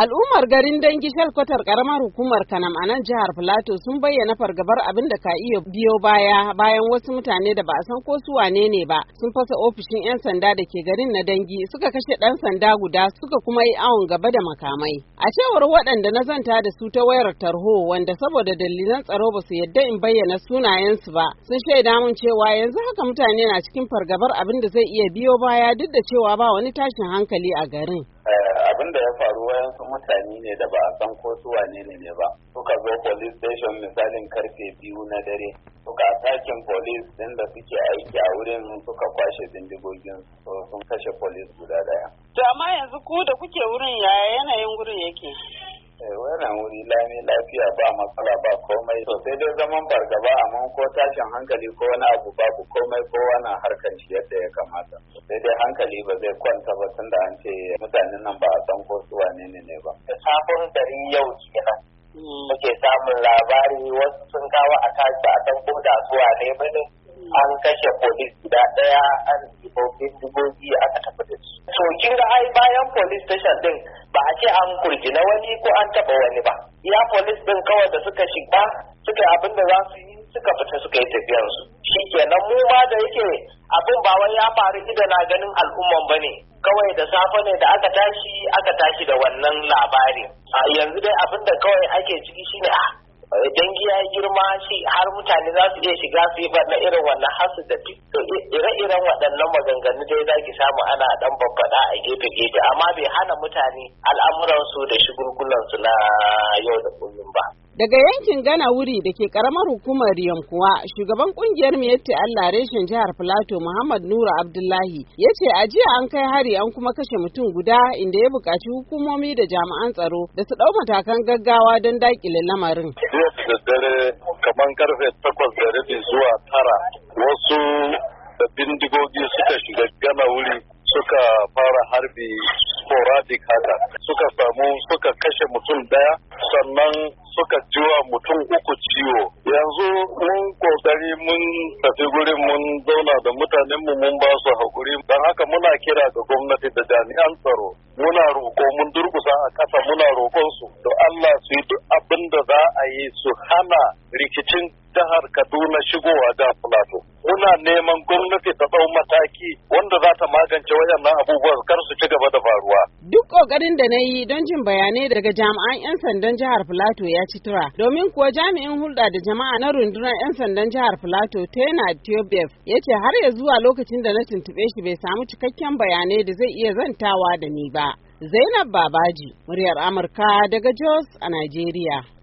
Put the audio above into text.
Al'ummar garin dangi shalkwatar karamar hukumar Kanam a nan jihar Filato sun bayyana fargabar abin da ka iya biyo baya bayan wasu mutane da ba a san ko su wane ne ba sun fasa ofishin 'yan sanda da ke garin na dangi suka kashe ɗan sanda guda suka kuma yi awon gaba da makamai. A cewar waɗanda na zanta da su ta wayar tarho wanda saboda dalilan tsaro ba su yadda in bayyana sunayen su ba sun shaida mun cewa yanzu haka mutane na cikin fargabar abin da zai iya biyo baya duk da cewa ba wani tashin hankali a garin. abin da ya faru wayansu mutane ne da ba a san ko su wane ne ne ba suka zo police station misalin karfe biyu na dare suka atakin police din da suke aiki a wurin suka kwashe bindigogin so sun kashe police guda daya to amma yanzu ku da kuke wurin yaya yanayin wurin yake Eh, wannan wuri lami lafiya ba matsala ba komai to sai dai zaman fargaba amma ko tashin hankali ko wani abu babu komai ko wani harkar shi yadda ya kamata sai dai hankali ba zai kwanta ba tunda an ce mutanen nan ba a san ko su wane ne ne ba da sabon dari yau kenan mm. muke samun labari wasu sun kawo a tashi a san ko da wane ne mm. an kashe polis guda daya an ibo bindigogi aka tafi da to kin ga ai bayan police station din ba a ce an na wani ko an taba wani ba ya police din kawai da suka shiga suka abin da za su yi suka fita suka yi tafiyan su shikenan mu ma da yake abin ba wai ya faru idona na ganin al'umman bane kawai da safe ne da aka tashi aka tashi da wannan labari a yanzu dai abin da kawai ake ciki shine a ah, dangi ya girma shi har mutane za su iya shiga su yi na irin wannan hasu da duk irin waɗannan maganganu dai za ki samu ana ɗan babbaɗa a gefe-gefe amma bai hana mutane al'amuransu da shigulgulansu na yau da kullum ba. Daga yankin Gana wuri da ke karamar hukumar yankuwa, shugaban kungiyar Miyatti Allah reshen jihar Filato Muhammad Nura Abdullahi ya ce a jiya an kai hari an kuma kashe mutum guda inda ya buƙaci hukumomi da jami'an tsaro da su ɗau matakan gaggawa don daƙile lamarin. Jiya da dare kamar karfe takwas da rabi zuwa tara bindigogi suka shiga gama wuri suka fara harbi sporadic haka suka samu suka kashe mutum daya sannan suka jiwa mutum uku ciwo yanzu mun kokari mun tafi gurin mun zauna da mutanenmu mun ba su hakuri don haka muna kira ga gwamnati da jami'an tsaro muna roƙo mun durkusa a ƙasa muna roƙon su to Allah su yi duk abin da za a yi su hana rikicin jihar Kaduna shigowa da Plateau muna neman gwamnati ta ɗau mataki wanda za ta magance wayannan abubuwa kar su ci kokarin da na yi don jin bayanai daga jami'an 'yan sandan jihar Filato ya ci tura. Domin kuwa jami'in hulɗa da jama'a na rundunar 'yan sandan jihar Filato Tena Tiyobef ya ce har ya zuwa lokacin da na tuntuɓe shi bai samu cikakken bayanai da zai iya zantawa da ni ba. Zainab Babaji, muryar Amurka daga Jos a Najeriya.